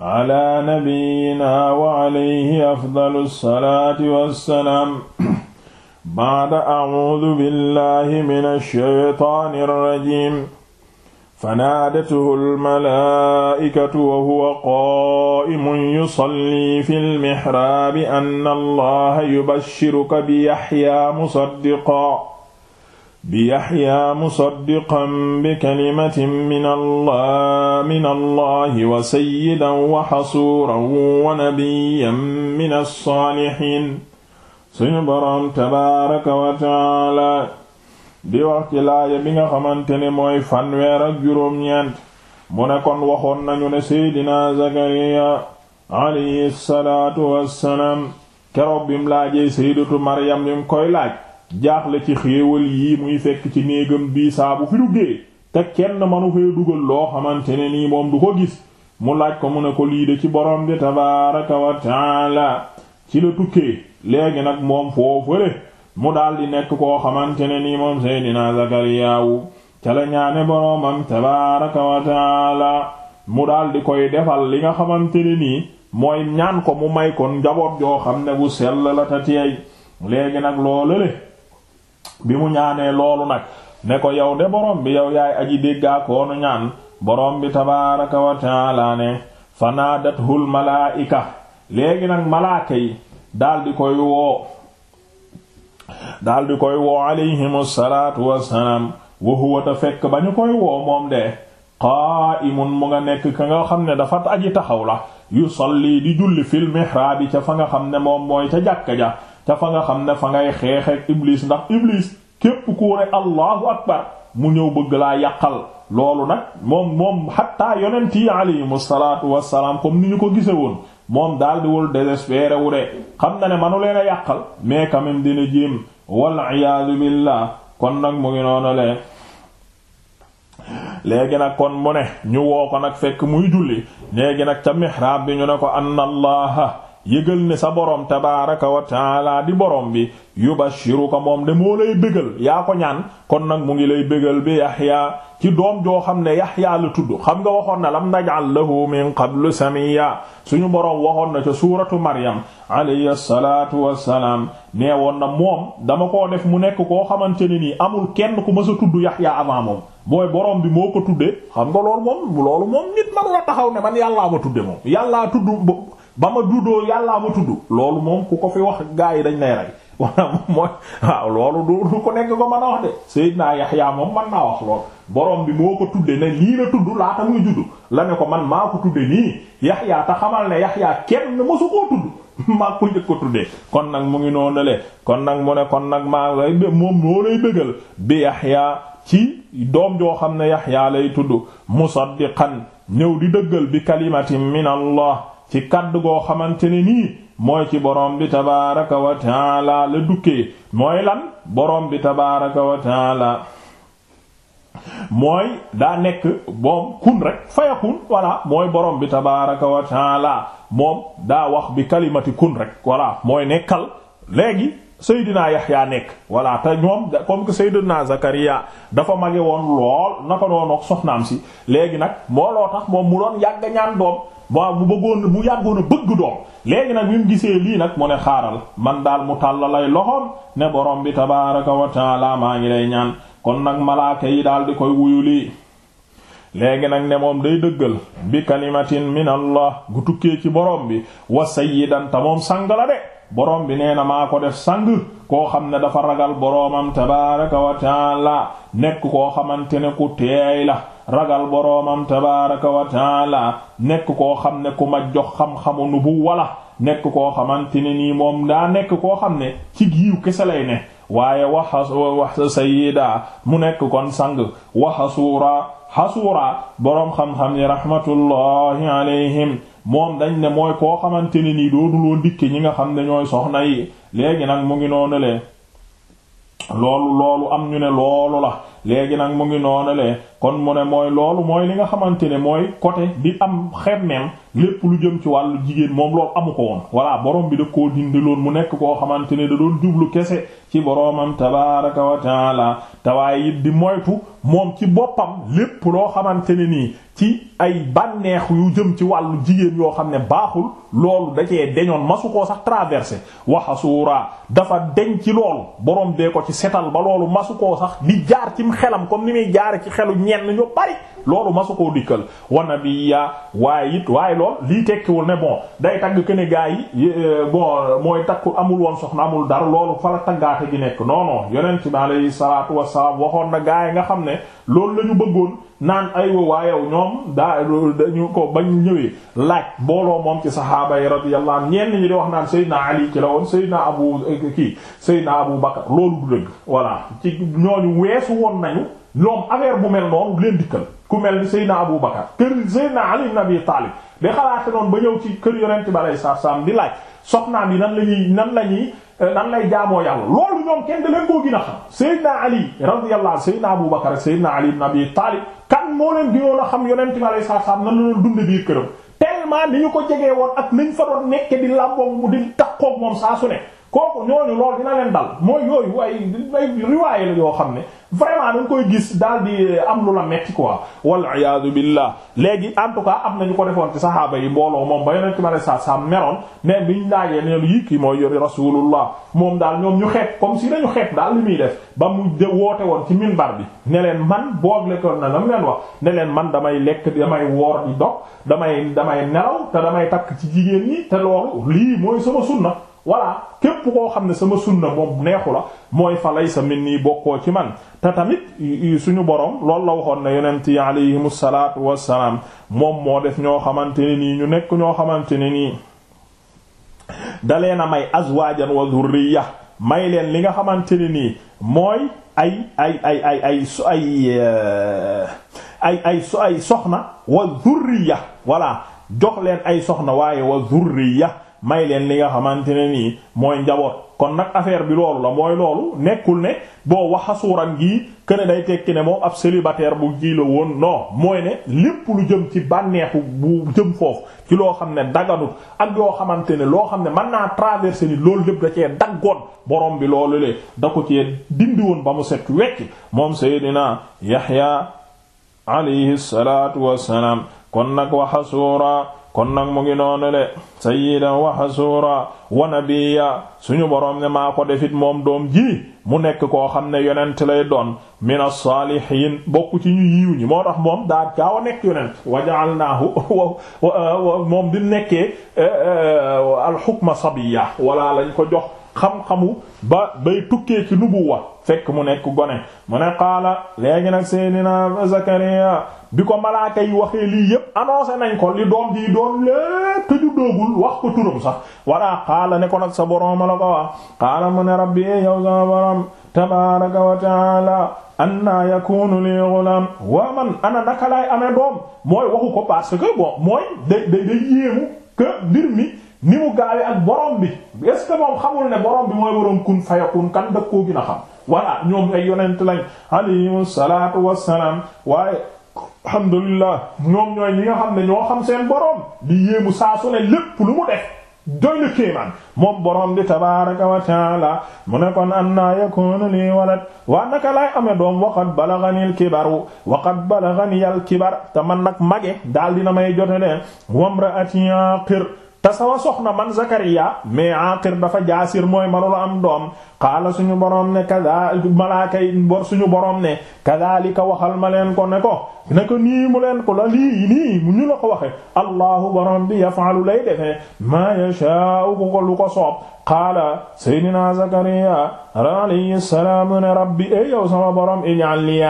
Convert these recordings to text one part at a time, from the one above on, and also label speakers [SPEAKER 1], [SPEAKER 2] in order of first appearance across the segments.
[SPEAKER 1] ala nabiyyina wa alayhi afdalu salaati wassalaam ba'da a'uudu billahi mina shaytaani rajiim fanaadathu al-malaa'ikatu wa huwa qaa'imun yusalli fil mihraabi anna allaha yubashshiruka bi yaxyaa musaddiqan bi yaxya musaddiqan bi kalimatin min allah min allah wa sayyidan wa xasuuran wa nabiyyan min as-saalihiin suñu boroom tabaaraka wa taala di wax ci laaya bi nga xamante ne mooy fanweer ak juróom-ñeent mu ne kon waxoon nañu ne seydina zakariya alayhi salaatu wassalaam keroog bim laajee sayyidatu maryam bim koy laaj jaaxle ci xéewal yii muy fekk ci néegam bii saabu fi duggee te kenn manu fee dugal loo xamante ne nii moom du ko gis mu laaj ko mu ne ko lii de ci borom bi tabaaraka ci la tukkee léegi nag moom foofale mu daldi nekk koo xamante ne nii moom seydina zakariyaawu ca la ñaane boroomam tabaaraka wa taala mu daldi koy defal li nga xamante ne nii mooy ñaan ko mu may kon njaboot joo xam ne bu sell la ta tey léegi nag loolale bi mu ñaanee loolu nag ne ko yow de borom bi yow yaay aji déggaa koonu ñaan borom bi tabaaraka ne taala ne fanaadathul malaa'ika léegi nag malaaka yi daldi koy woo daldi koy woo alayhimu salaatu wassalaam wa huwa fekk ba ñu koy woo moom de qaa'imun mu nga nekk ka nga xam ne dafa aji taxaw la yu yusalli di julli fil mihraabi ca fa nga xam ne moom mooy ca jàkk ja ca fa nga xam ne fa ngay xeexeek iblis ndax iblis képp ku ne allahu akbar mu ñëw bëgg laa yàqal loolu nag moom moom xatta yonent yi alayhimu salaatu salaam comme ni ñu ko gise woon moom daal di wul désespéré wu de xam na ne ma nu a yàqal mais quand même dina jéem wal iyaadu billah kon nag mu ngi noonu lee léegi nag kon mu ne ñu woo ko nag fekk muy julli léegi nag ca mihrab bi ñu ne ko anna allaha yëgal ne sa borom tabaaraka wa taala di borom bi ko moom de moo lay bégal yaa ko ñaan kon nag mu ngi lay bégal bi Yaxya ci doom joo xam ne Yaxya la tudd xam nga waxoon na lam naj'al lahu min qablu samiya suñu borom waxoon na ca suuratu Maryam alayhi wa wassalaam nee woon na moom dama ko def mu nekk koo xamante ne nii amul kenn ku mës a tudd Yaxya avant moom booy borom bi moo ko tuddee xam nga loolu moom loolu moom nit man la taxaw ne man yàllaa ma tudde moom yàllaa tudd ba ma duddoo yàllaa ma tudd loolu moom ku ko fi wax gaa yi dañ lay rey wala waaw loolu du ko nekk ko mën a wax de Seydina Yaxya moom mën naa wax lool borom bi moo ko tudde ne lii la tudd laata muy juddu la ne ko man maa ko tudde nii Yaxya te xamal ne Yaxya kenn mësu koo tudd maa ko njëkk ko tuddee kon nag mu ngi noo le kon nag mu ne kon nag maa lay moom noo lay bëggal bi Yaxya ci doom joo xam ne Yaxya lay tudd musaddiqan ñëw di dëggal bi kalimatin min ci kaddu goo xamante ni nii mooy ci boroom bi tabaaraka wa taala la dukkee mooy lan boroom bi tabaaraka wa taala mooy daa nekk moom kun rek fayakun voilà mooy boroom bi tabaaraka wa taala moom daa wax bi kalimati kun rek voilà mooy nekkal léegi. Seydina Yaxya nekk voilà te ñoom comme que Seydina Zakariya dafa mage woon lool naka noonu ak soxnaam si léegi nag mooloo tax moom mu doon yàgg ñaan doom waaw mu bëggoon mu yàggoon a bëgg doom léegi nag bi gisee lii nag mu ne xaaral man daal mu tàlla lay loxoom ne borom bi tabaaraka wa taala maa ngi lay ñaan kon nag malaaka yi daal di koy wuyu lii léegi nag ne moom day dëggal bi kalimatin min allah gu tukkee ci borom bi wa sayyidan ta moom sang la de borom bi nee na maa ko def sang koo xam ne dafa ragal boroomam tabaaraka wa taala nekk koo xamante ne ku teey la ragal boroomam tabaaraka wa nekk koo xam ne ku ma jox xam-xamu nu bu wala nekk koo xamante ne nii moom daa nekk koo xam ne ci giiw kese lay ne waaye waxa wax sayida mu nekk kon sang waxasuura xasuuraa boroom xam-xam ni rahmatullahi alayhim moom dañ ne mooy koo xamante ne nii dooduloo dikke ñi nga xam ne ñooy soxna yi léegi nag mu ngi noonu le loolu loolu am ñu ne loolu la léegi nag mu ngi noonale kon mu ne mooy loolu mooy li nga xamante ne mooy côté bi am xemmeem lépp lu jëm ci wàllu jigéen moom loolu amu ko woon voilà boroom bi da koo dindi loon mu nekk koo xamante ne da doon jublu kese ci boromam tabaaraka wa taala tawaay it di moytu moom ci boppam lépp loo xamante ne nii ci ay bànneex yu jëm ci wàllu jigéen yoo xam ne baaxul loolu da cee masu koo sax traversé waxasuura dafa deñ ci loolu borom dee ko ci setal ba loolu masu koo sax di jaar ci cim xelam comme ni muy jaare ci xelu ñenn ñu bari loolu masu koo dikkal wana bi yaa waaye it waaye lool lii tekkiwul ne bon day tagg que ne gaa yi euh, boo mooy takku amul woon soxna amul dara loolu fa la taggaate gi nekk non yeneen yonent ma alayhi salaatu wassalaam waxoon na gaa yi nga xam ne loolu la ñu bëggoon naan ay aywa waayow ñoom daa dañu ko ba ñu ñëwee laaj booloo moom ci saxaaba yi radiyallahu anhu ñenn ñi di wax naan Seydina Ali ci la woon Seydina Abu eh, kii Seydina Abu Bakar loolu du amoon nañu ñoom affaire bu mel noonu leen dikkal ku mel ni Seydina Abu Bakar kër Seydina Ali ibn Abi Talib da ba ñëw ci kër yonent bi alayhi salaam di laaj soxnaam yi nan la ñuy nan la ñuy euh, nan lay jaamoo yàlla loolu ñoom kenn da leen koo gën a xam Seydina Ali radiyallahu anhu Seydina Abu Bakar ak Seydina Ali ibn Abi Talib kan moo leen gënoon a xam yonent bi alayhi salaam nan la doon dund biir këram tellement ni ñu ko jegee woon ak niñ fa doon nekke di làmboom mu di takkoog kooku ñooñu lool dina leen dal mooy yooyu way ay riwaaye la yoo xam ne vraiment dañ koy gis daal di am lu la metti quoi wal iyaadu billah léegi en tout cas am nañu ko defoon ci saxaaba yi mbooloo moom ba yonent ma ne sa sa meroon mais biñ laajee neen yi kii mooy yori rasulullah moom daal ñoom ñu xeet comme si ñu xeet daal li muy def ba mu woote woon ci minbar bi ne leen man booglekoon na lam leen wax ne leen man damay lekk damay woor di dog damay damay nelaw te damay takk ci jigéen ñi te loolu lii mooy sama sunna voilà képp koo xam ne sama sunna moom neexu la mooy fa laysa nii bokkoo ci man te tamit suñu borom loolu la waxoon ne yonent yi alayhimu salaatu wassalaam moom moo def ñoo xamante ne nii ñu nekk ñoo xamante ne nii dalee na may azwaajan wa zurriya may leen li nga xamante ne nii mooy ay ay ay ay ay eh, ay soxna wa zurriya voilà jox leen ay soxna waaye wa zurriya may leen li nga xamante ne nii mooy njaboot kon nag affaire bi loolu la mooy loolu nekkul ne boo waxa suuram gii kene day tekki ne moom ab célibataire bu gii woon noo mooy ne lépp lu jëm ci bànneexu bu jëm foofu ci loo xam ne daganut ak yoo xamante ne loo xam ne mën naa traverser ni loolu lépp da cee daggoon boroom bi loolu le da ko dindi woon ba mu set wecc moom Seydina Yahya alayhi salaatu wassalaam kon nag waxa kon nag mu ngi noonu le sayyidan wa hasuura wa nabiyya suñu borom ne maa ko defit moom doom ji mu nekk koo xam ne yonent lay doon mina saalihiin bokk ci ñu yiw ñi moo tax moom daa gaaw a nekk yonent wa ja'alnaahu moom bi nekkee eh, eh, alxukma sabiyya wala lañ ko jox xam-xamu ba bay tukkee ci nubuwa fekk mu nekk gone mu ne qaala léegi nag seydina Zakariya bi ko malaaka yi waxee lii yépp annoncé nañ ko li doom di doon lépp te juddoogul wax ko turam sax walla qaala ne ko nag sa borooma la ko wax mu ne rabbi eh, yow sama borom tabaaraka wa taala anna yakunu li ghulam waa man ana naka laay doom mooy waxu ko parce que bon mooy day day day yéemu que mbir ni mu gaawee ak borom bi est-ce que moom xamul ne borom bi mooy borom kun fayakun kan da koo gën a xam voilà ñoom ay yonent lañ alayhimu salaatu wassalaam waaye alhamdulillah ñoom ñooy ñi xam ne ñoo xam seen borom di yéemu saa su ne lépp lu mu def. doy na kéemaan moom borom di tabaaraka wa mu ne kon anna yakunu lii walad waa naka laay amee doom waqad balaganil kibaru waqad kibar te man mage daal dina may jote de wamraati aqir te sama soxna man Zakariya mais aqir dafa jaasir mooy manula am doom xaala suñu borom ne kada malaaka yi bor suñu borom ne kadalika waxal ma leen ko ne ko ne ko nii mu ko la lii nii mu ñu la ko waxe allahu borom bi yafaalu lay defee maa yashaa'u ko ko soob qaala seydina Zakariya alayhi salaam ne rabbi e sama borom ij'al li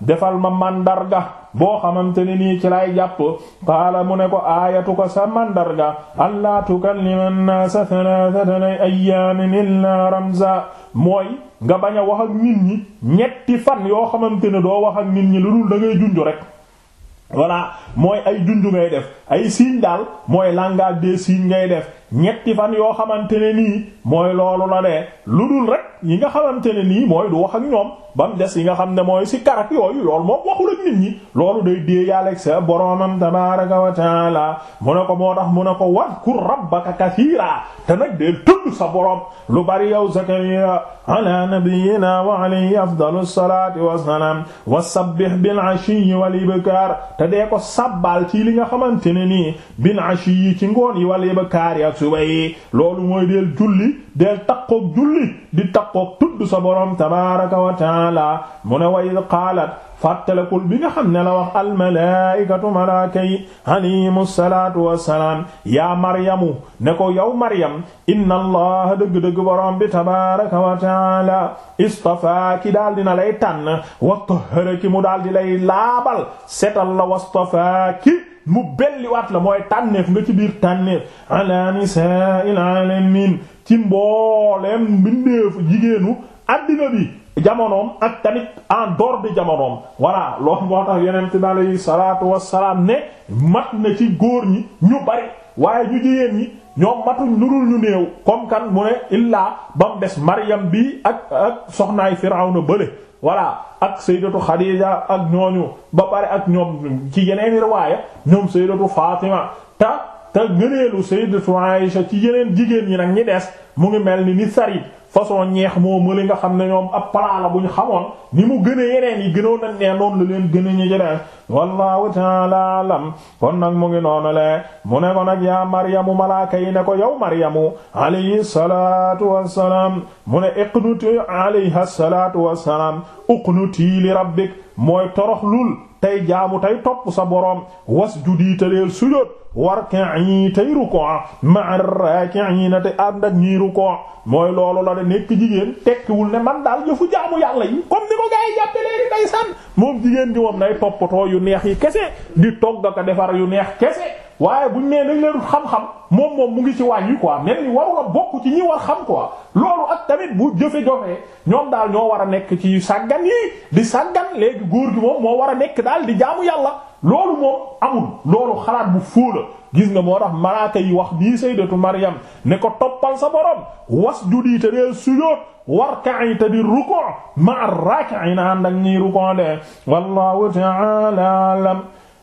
[SPEAKER 1] defal ma mandarga boo xamante ne nii ci lay jàpp qaala ne ko aayatuka sa mandarga allaa tukallima an-naasa thalathata ayyaamin illaa ramza mooy nga bañ a wax ak nit ñi ñetti fan yoo xamante ne doo wax ak nit ñi lu dul dangay ngay rek voilà mooy ay junj ngay def ay signes daal mooy langage des signes ngay def ñetti fan yoo xamante ne nii mooy loolu la de lu dul rek yi nga xamante ne nii mooy du wax ak ñoom ba des yi nga xam ne mooy si karak yooyu loolu moom waxul ak nit ñi loolu day dee yàlla sa boromam tabaaraka wa mu ne ko moo tax mu ne ko wadkur rabbaka kasiira te nag dee tudd sa borom lu bari yow zakariya ala nabiyyina wa alayhi afdalu salaati wa salaam wa sabbih bil ashiyyi wal ibkaar te dee ko sabbal ci li nga xamante ne nii bil ashiyyi ci ngoon yi wal ibkaar subayi loolu mooy deel julli deel takkook julli di takkook tudd sa tabaaraka wa taala mu ne wa id qaalat fàttalekul bi nga xam ne la wax almalaikatu salaatu wassalaam yaa maryamu ne ko yow maryam inna allah dëgg-dëgg borom bi tabaraka wa taala istafaaki daal dina lay tànn wa tahharaki mu daal di lay laabal setal la wastafaaki mu belli waat la mooy tànneef nga ci biir tànneef ala nisaa'il alamin ci mbooleem mbindeefu jigéenu addina bi jamonoom ak tamit en dehors de jamonoom voilà loolu moo tax yonent bi aleyhi salaatu wassalaam ne mat na ci góor ñi ñu bari waaye ñu jigéen ñi ñoom matuñ lu dul ñu néew comme kan mu ne illaa ba mu des Maryam bi ak ak soxnaay Firawna bële voilà ak sayyidatu Khadija ak ñooñu ba pare ak ñoom ci yeneen riwaaya ñoom sayyidatu Fatima te te ngëneelu sayyidatu Aisha ci yeneen jigéen ñi nag ñi dees mu ngi mel ni ni sarit façon ñeex moo mële nga xam ne ñoom ab palaa la bu ñu xamoon ni mu gën a yeneen yi gënoon nañ ne noonu la leen gën a ñu jëlee wallahu ta'ala alam kon nag mu ngi noonu le mu ne ko nag yaa maryamu malaaka yi ne ko yow maryamu alayhi salatu wassalaam mu ne iqnuti alayha salatu wassalaam uqnuti li rabbik mooy torox lul tey jaamu tey topp sa boroom wasjudi taleel sujóot warka'i tey ruku' ma'a raaki'iina te ànd ak ñi ruku' mooy loolu la de nekk jigéen tekkiwul ne man daal yëfu jaamu yàlla yi comme ni ko gaa yi jàppe léegi ndeysaan moom jigéen di moom nay toppatoo yu neex yi kese di togg ko defar yu neex kese waaye buñ nee dañ leen xam-xam moom moom mu ngi ci wàññi quoi mel ni waru la bokk ci ñi war xam quoi loolu ak tamit bu jëfe-jofee ñoom daal ñoo war a nekk ci sàggan yi di sàggan léegi góor gi moom moo war a nekk daal di jaamu yàlla loolu moom amul loolu xalaat bu fóola gis nga moo tax malaaka yi wax nii sayyidatu Maryam ne ko toppal sa borom wasjudi te dee sujóot warka'i te di ruku' ma'a raaki'iina ànd ak ñiy ruku' de wallahu ta'ala alam